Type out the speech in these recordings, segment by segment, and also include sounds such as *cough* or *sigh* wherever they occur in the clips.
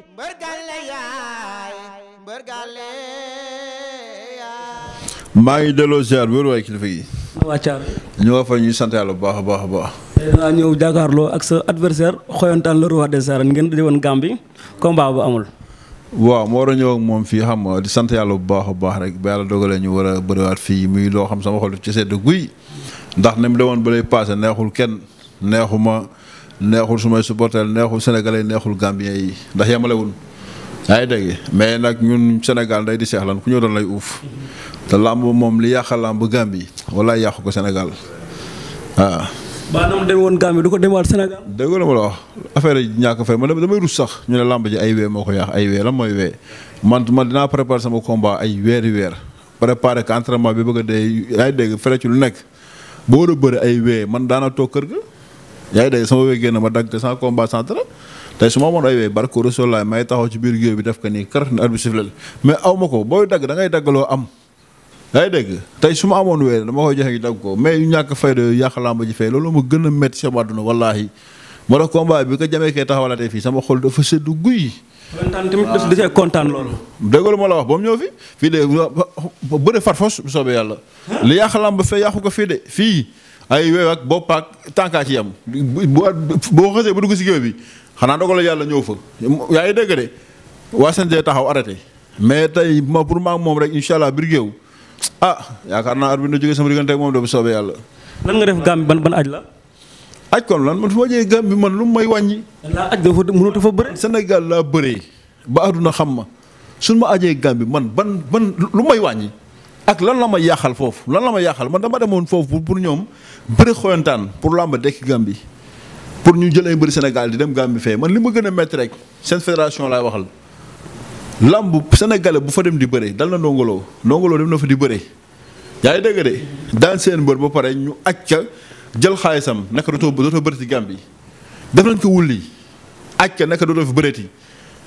maa ngi delloo ziar bu wér waaye kilifa yi. ñu nga fa ñuy sant yàlla bu baax a baax a baax. dangaa ñëw jàkkaarloo ak sa adversaire xoyantaan le roi des arènes ngeen di woon Gambie combat bu amul. waaw moo war a ñëw moom fii xam nga di sant yàlla bu baax a baax rek ba yàlla dogalee ñu war a fii muy loo xam sama xol ci sedd guy ndax ni mu demoon ba lay paase neexul kenn neexuma neexul sumay supporter neexul sénégalais neexul gambien yi ndax yemalewul yaa ngi dégg mais nag ñun Sénégal nday di seexlan ku ñëw doon lay uuf te làmb moom li yàqa làmb Gambie wala yàq ko Sénégal waaw. maanaam woon Gambie du ko demaat Sénégal. dégg la ma la wax affaire yi ñàkk fay ma damay rus sax ñu ne làmb ji ay wee moo ko yàq ay wee lan mooy wee dinaa préparer sama combat ay weeri weer préparer ko entraînement bi bëgg a dee yaa dégg fere ci lu nekk boo war a bëri ay wee man daana toog kër ga. yaa ngi dégg sama wéy génn ma dagg te sans combat sans dara tey su ma amoon ay wéy barko Rasuul may taxaw ci biir géew bi def ko nii kër ne at bi siflé mais aw ko booy dagg da ngay daggaloo am yaa ngi dégg tey su ma amoon wéy dama koy joxe gi dagg ko mais ñàkk fayda yàq fay loolu ma a métti sama àdduna wallaahi moo tax sama xol dafa seddu guy kontaan tamit daf dafay la wax ba mu ñëw fi fii de bu dee làmb fee yàqu ko fii de fii. ay weew ak bopp ak tànkaa ci yam boo xësee ba dugg si géew bi xanaa dogal yàlla ñëw fa yaa ngi dégg de waa CNG taxaw arrêté mais tey ma pour ma moom rek incha allah biir géew ah yaakaar naa arbitre bi na jógee sama diggante ak moom de bu soobee yàlla. lan nga def gàmm bi ban ban aj la. aj kon lan man su ma jëlee bi man lu mu may wàññi. laa aj dafa mënut a fa bëree. Sénégal laa bëree ba xam ma suñ ma ajee gàmm bi man ban ban lu may wàññi. ak lan la ma yàqal foofu lan la ma yàqal man dama demoon foofu pour ñoom bëri xoyantaan pour làmb dekk Gambie pour ñu jël ay mbëri Sénégal di dem Gambie fee man li ma gën a métti rek seen fédération laay waxal làmb sénégalais bu fa dem di bëre dal na ndongoloo ndongoloo dem na fa di bëree yaa ngi dégg de daan seen mbër ba pare ñu acca jël xaalisam naka dootoo dootoo bëreeti Gambie def nañ ko wulli acca naka dootoo fi bëreeti.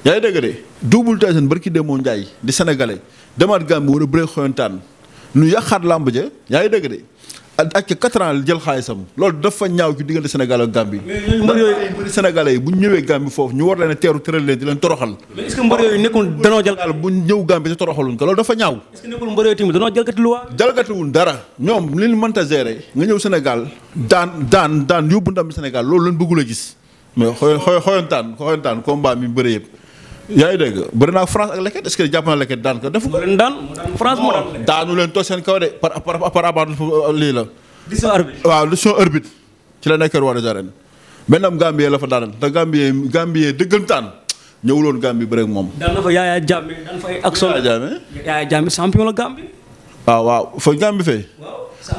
yaa ngi dégg de Double Tyson demoo Njaay di sénégalais demaat Gambie war a lu yàqaat làmb ja yaa ngi dégg de ak ci quatre ans jël xaalisam loolu dafa ñaaw ci diggante Sénégal ak Gambie. mais mbër yooyu mbëri bu ñu ñëwee Gambie foofu ñu war leen a teeru tëral di leen toroxal. mais est-ce que mbër yooyu nekkul danoo jël bu ñëw Gambie te toroxaluñ ko loolu dafa ñaaw. est-ce que nekkul mbër yooyu tamit jalgati luwa. dara ñoom li ñu mënta gérer nga ñëw Sénégal daan daan daan yóbbu ndam Sénégal loolu lañ bëggul a gis mais xoy xoy xoyantaan xoyantaan combat mi bëre yëpp yaa ngi dégg bëri naa France ak Leket est-ce que Leket daan ko def. mu leen daan France mu daanu leen toog seen kaw de par par par abat euh, lii la. décision arbitre waaw décision ci la nekk roi des arènes. maintenant Gambie la fa daan te Gambie Gambie dëggantaan ñëwuloon Gambie bëre ak moom. daan na ah, waaw fa Gambie fee.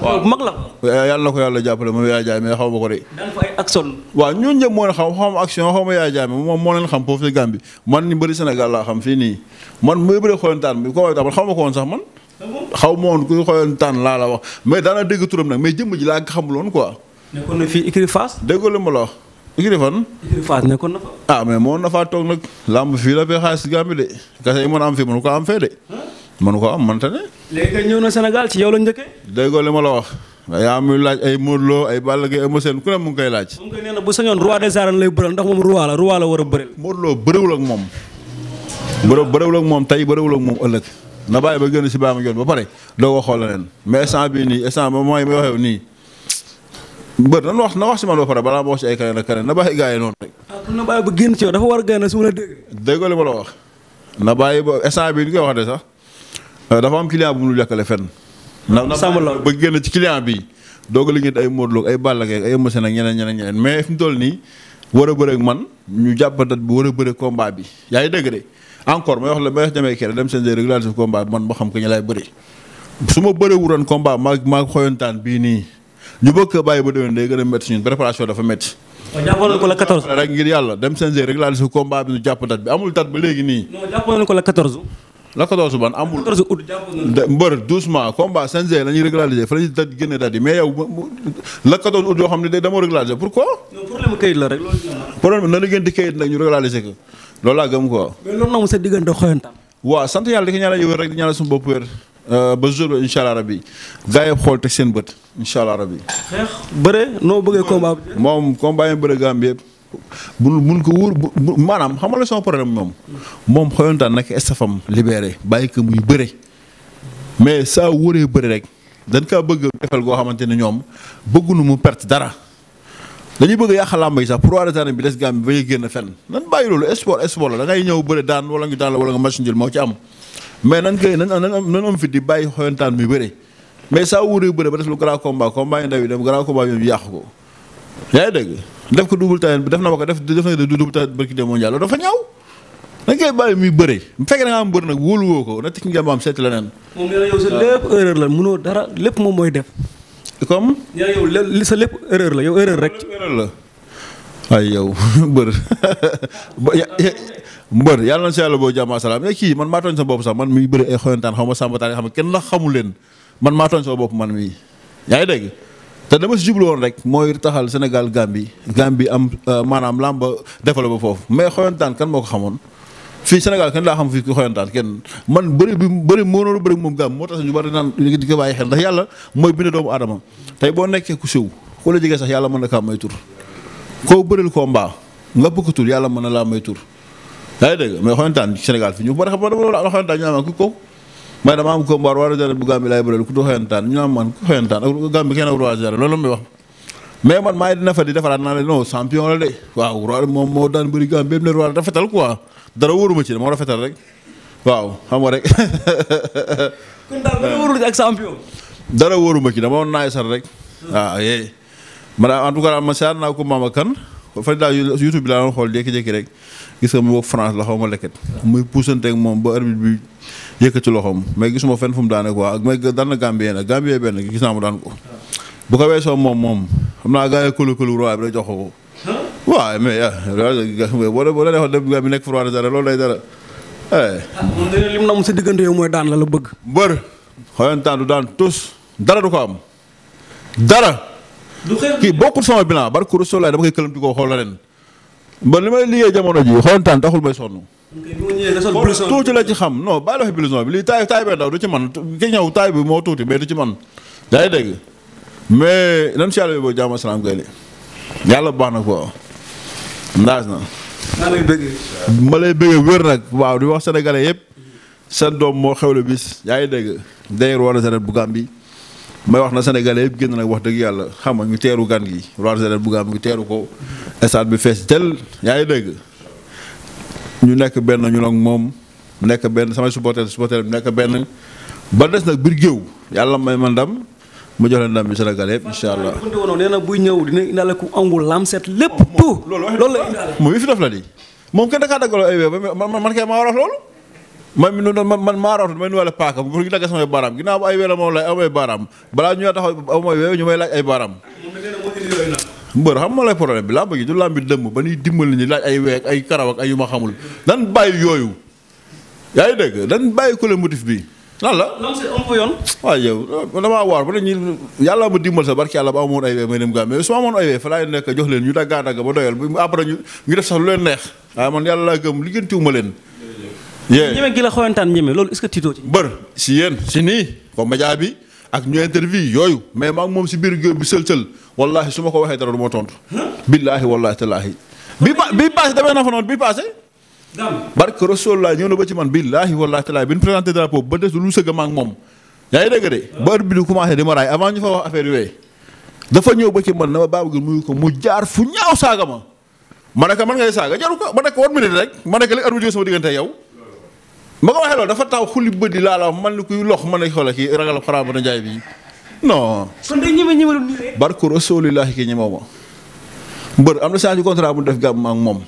waaw mag la eh, yàlla na ko yàlla jàppale moom Yaya Jammeh mais xaw ma ko de waaw ñun ñëpp moo leen xam xaw ma action xaw ma Yaya Jammeh moom moo leen xam foofu xam fii nii man muy bëri xoyantaan bi ko tax man xaw ma ko woon sax man xaw ma woon ku laa la wax mais daana dégg turam nag mais jëmm ji laa xamuloon quoi nekkoon na fii écurie Fass déggoo la wax écurie na fa ah mais moo na faa toog nag làmb fii la fee xaalis si Gambie de kase yi mën a am fii mën ko am fee de mënu ko am mënta ne. léegi kay ñëw na Sénégal ci yow la njëkkee. déggoo li ma la wax. yaa ay Modou Lo ay Balla mu ngi koy laaj. mu nee na bu sañoon roi des arènes lay bëral ndax moom roi la a bëril. Modou Lo bëriwul ak moom. bërë bëriwul moom tey bëriwul ak moom ëllëg. na bàyyi ba gën si baax ma yoon ba pare doo xool leneen mais instant bii nii instant ba mooy may nii mbër nan na wax si man ba pare balaa ma wax si ay keneen ak ah, war a génn su ma la dégg. la wax. na bàyyi ba instant bii ni koy wax de sax Euh, dafa am client bu mu lekkale fenn. sàmm loolu ba génn ci client bi doog a liggéey ay Modou Lo ay Balla Gaye ay Eumeu Sène ak ñeneen ñeneen ñeneen mais fi mu toll nii war a bëre man ñu jàpp date bu war a bëre bi yaa ngi dëgg de encore may wax la may wax demee kere dem seen régulariser combat bi man ma xam ko ñu lay bëri. su ma bëree wuroon combat maa maa bii nii ñu bëgg bàyyi ba déwén day gën a métti ñun préparation dafa métti. Oh, jàppoon ko la 14 rek ngir yàlla dem seen régulariser combat bi ñu jàpp date bi amul date ba léegi nii. non jàppoon ko lakadoosu ban amul. lakadoosu ut jàpp mbër doucement combat CNG la ñuy régulariser fa la ñuy da génne daal di mais yow lakadoosu ut yoo xam ne day dama régulariser pourquoi. problème kayit la rek problème na la ngeen di kayit nag ñu régulariser ko loolu laa gëm quoi. mais loolu nag mu sa diggante xoyantaan. waaw sant yàlla di ko ñaanal yow rek di ñaanal suñu bopp wér. Euh, ba jour ba incha allah rabi gars yi xool teg seen bët incha allah rabi. xeex bëre noo bëggee combat. moom combat yi bëre Gambie yëpp. bul bul ko wóor maanaam xam nga la son problème moom. moom xoyantaan nag estafam libéré bàyyi ko muy bëre. mais saa wóoree bëri rek dañ kaa bëgg defal goo xamante ne ñoom bëgguñu mu perte dara dañuy bëgg a yàq làmb yi sax pour arrêté bi les a génn fenn nan bàyyi moo ci am. mais nan koy nan nan am fi di bàyyi xoyantaan muy ba def lu grand combat combat ndaw yi dem grand combat yi yàqu ko. yaa ngi dégg def ko double taille def na ma ko def def na double taille barki démb mondial loolu dafa ñaaw dañ koy bàyyi muy bëre bu fekkee da nga am bëri nag wóolu ko na tëj nga seet leneen. moom sa lépp erreur la mënoo dara lépp moom mooy def. comme. nee sa lépp erreur la yow erreur rek. erreur la ay yow *laughs* mbër mbër yàlla na si yàlla boo jàmm asalaam ya kii man maa tooñ sa bopp sax man muy bëri ay xoyantaan xaw ma xam ne kenn la xamul leen man maa tooñ sa bopp man mii yaa ngi dégg. te dama si jublu woon rek mooy taxal Sénégal Gambie Gambie am euh, maanaam làmba développé foofu mais xoyantaan kan moo ko xamoon fii Sénégal kenn laa xam fii xoyantaan kenn man bëri bi bëri moo noonu bëri moom Gambie moo tax ñu bari naan di ko bàyyi xel ndax yàlla mooy bind doomu aadama tey boo nekkee ku siw ku la jege sax yàlla mën na kaa may tur koo bëril koo mbaa nga bëgg tur yàlla mën na laa may tur yaa ngi dégg mais xoyantaan Sénégal fii ñu bari xam dama loolu xoyantaan ñu am ku ko mais dama am combat war a jare bu Gambie laay bëreel ku du xoyantaan ñu naan man ku xoyantaan ak Gambie kenn ak roi jare loolu muy wax mais man maa dina fa di defaraat naa ne non champion la de waaw roi moom moo daan bëri Gambie ne roi rafetal quoi dara wóoruma waaw xam nga rek. *laughs* kon daal dara wóorul ci ak champion. wóoruma ci dama woon naay sar rek. waaw yee man en tout cas ma seetlu naa ko maama kan. fa daal YouTube bi laa doon xool jékki-jékki rek gis nga mu bokk France la xaw ma lekket muy puusante ak moom ba arbitre bi yëkkati loxoom mais gisuma fenn fu mu daane quoi ak mais daan na Gambie nag Gambie benn gis naa mu daan ko. bu ko weesoo moom moom xam naa gars yi këlu këlu roi bi rek jox ko. waaw mais loolu ah, boo boo doon dem bi nekk froid dara loolu lay dara. Eh. moom dina na mu sa diggante yow mooy daan la la bëgg. mbër xoyantaan du daan tus dara du ko am kii bokkul sama bilan barke Rasulullah dama koy këlamti koo xool la leen ba li may liggéey jamono ji xoolantaan taxul may sonn tuuti la ci xam non bàyyi la fi blouson bi lii taay taay bee daw du ci man ki ñëw taay bi moo tuuti mais du ci man yaa ngi dégg mais nan si yàlla bi boo salaam gay yàlla bu baax na ko ndaas na ma lay bëggee wér nag waaw di wax sénégalais yëpp seen doom moo xewle bis yaa ngi dégg dayer wala seret bu Gàmbi may wax na sénégalais yëpp génn nag wax dëgg yàlla xam nga ñu teeru gan gi Roi des arènes Bouga mu teeru ko stade bi fees del yaa ngi dégg ñu nekk benn ñu nag moom nekk benn samay supporter supporter bi nekk benn ba des nag biir géew yàlla may ma ndam mu jox leen ndam bi sénégalais yëpp incha allah. nee na buy ñëw dina indaale ku angul lamset lépp. Oh, loolu la moom mi fi def la di moom kenn da man man kay maa war wax loolu. man mi noonu man man maa rawatul may nuwaale paaka pour ñu dagg samay baaraam ginnaaw bu ay weela moom lay amay baaraam balaa ñu taxaw amay weew ñu may laaj ay baaraam mbër xam ma lay bi laa bëgg du làmbi ba ñuy dimbali ñu laaj ay weeg ay karaw ak ay yu ma xamul dan bàyyi yooyu yaa ngi dégg dan bàyyi ko le motif bi lan la waaw yow damaa waar ba ne ñu yàlla ma dimbal sa barki yàlla ba amoon ay wee may dem gaa mais su ma amoon ay wee fa laay nekk jox leen ñu daggaa dagg ba doyal après ñu ñu def sax lu leen neex waaye ah, man yàlla laa gëm liggéentiwuma leen yéen ñeme gi la xoyantaan ñeme loolu est-ce que tiitoo ci. bër si yéen si nii ko média bi ak ñu interview yooyu mais maa moom si biir géew bi sël-sël wallaahi su ma ko waxee dara du ma tontu. billaahi wallaahi tallaahi. bi pa bii paase demee na fa noonu bii paase. barke Rasulullah bi ñu présenté drapeau ba des lu sëgg ma ak moom. yaa ngi dégg de ah. ba bi du commencé di ma raay avant ñu fa wax affaire yooyu dafa ñëw ba ci man na ma baabu gi muyu ko mu jaar fu ñaaw saaga ma ma ne ko man ngay saaga jaru ko ma ne ko yow ba ko waxee loolu dafa taw xuli bëdi laa la man ni kuy lox mën a xoola ki ragal xaraam na jaay bi non. kon day ñeme ñeme lu nii barku rasulillahi ki ñemew ma mbër am na change contrat bu def gàmm ak moom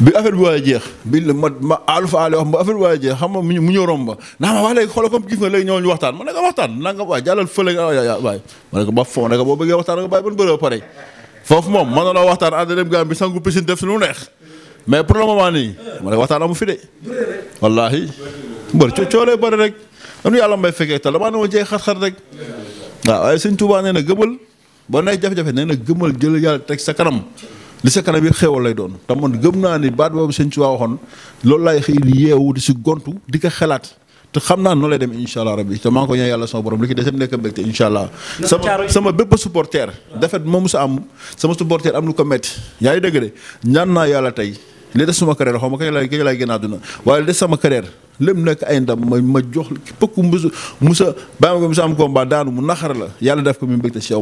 bi affaire bi waay jeex bi la ma ma alu fa ale wax ba affaire bi waay jeex xam mu ñëw romb ba naa ma wax léegi xoolal comme gis nga léegi ñoo ñu waxtaan ma ne ko waxtaan naa nga waay jàllal fële nga waay ma ne nga ba foofu moom mën na loo waxtaan ànd dem gàmm bi sangu piscine def si lu neex mais pour le moment nii ma ne waxtaan amu fi de. wallaahi. bëri coo bari bëri rek. dañu yàlla may fekkee te damaa ne ma jeex xar-xar rek. waaw waaye sëñ Tuubaa nee gëmal ba nekk jafe-jafe nee na gëmal jël yàlla teg sa kanam li sa kanam yëpp xéewal lay doon te man gëm naa ni baat boobu sëñ Tuubaa waxoon loolu laay xëy di yeewu di si gontu di ko xalaat te xam naa noo lay dem incha allah rabbi te maa ngi ko ñaan yàlla sama borom li ki desem nekk mbégte incha allah sama sama bépp supporter defet moom sa am sama am lu ko métti yaa ngi ñaan naa yàlla tey li des suma carrière xaw ma kañ laay kañ laay génn àdduna waaye li des sama carrière lépp nekk ay ndam ma ma jox pëkk mbusu musa bàyyi ma ko musa am mu la yàlla def ko mu mbégte si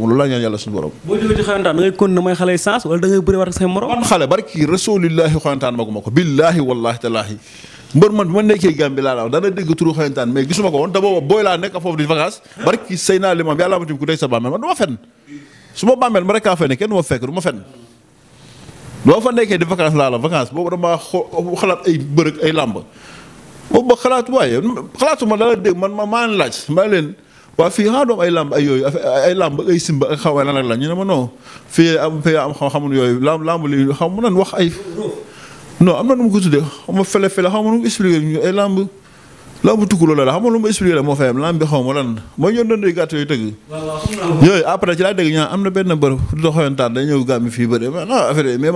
ma nekkee Gambie laa la wax dana dégg laa nekk foofu di vacances barki sëy naa li moom sa bàmmeel ma fenn su kenn ma fekk du ma boo fa nekkee di vacance laa la vacance boobu damaa xalaat ay bërëg ay làmb boobu ba xalaat waaye xalaatuma dala dégg man ma maa laaj ma leen waa fii xanaa doom ay làmb ay yooyu ay làmb ay simba ak xaw ma lan ak lan ñu ne ma non fii am fii am xam-xamun yooyu làmb làmb li xam mu nan wax ay noo am na nu mu ko tuddee xaw ma fele fele xaw ma nu mu expliqué ay làmb lamb tukuloo xam nga lu ma expliqué la moo bi mooy ñoo doon doy gàtt dégg am na benn bër du doxoyantaan dañu ñëw gàmmi fii bëri mais non affaire yi mais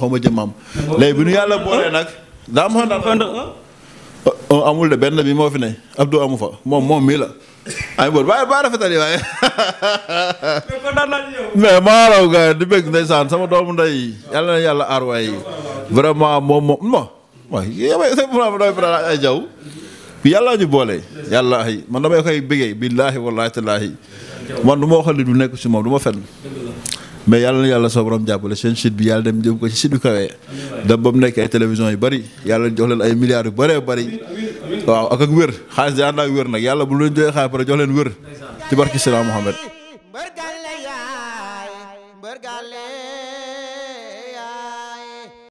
xaw ma jëmaam. léegi bi nu yàlla boolee nag. daa ma xam oh, oh, amul de benn bi moo fi ne Abdou amu fa moom moom mii la. ay bon waaye ba rafetal yi waaye. *laughs* mais maa raw gars di bëgg ndeysaan sama doomu ndey yàlla na yàlla aar waay vraiment moom moom waaw yow damay faral ay jaw yàlla ñu boole. yàlla ay man damay koy bëggee billaahi wallaahi tallaahi man du moo waxal ni du nekk si moom du ma fenn. mais yàlla na yàlla soo borom jàppale seen site bi yàlla dem jëm ko ci site bu kawee dem ba mu nekk ay télévision yi bëri yàlla jox leen ay milliards yu bëree bëri waaw ak ak wér xaalis day ànd ak wér nag yàlla bu leen joxee xaalis pare jox leen wér ci barki Seydina Muhammad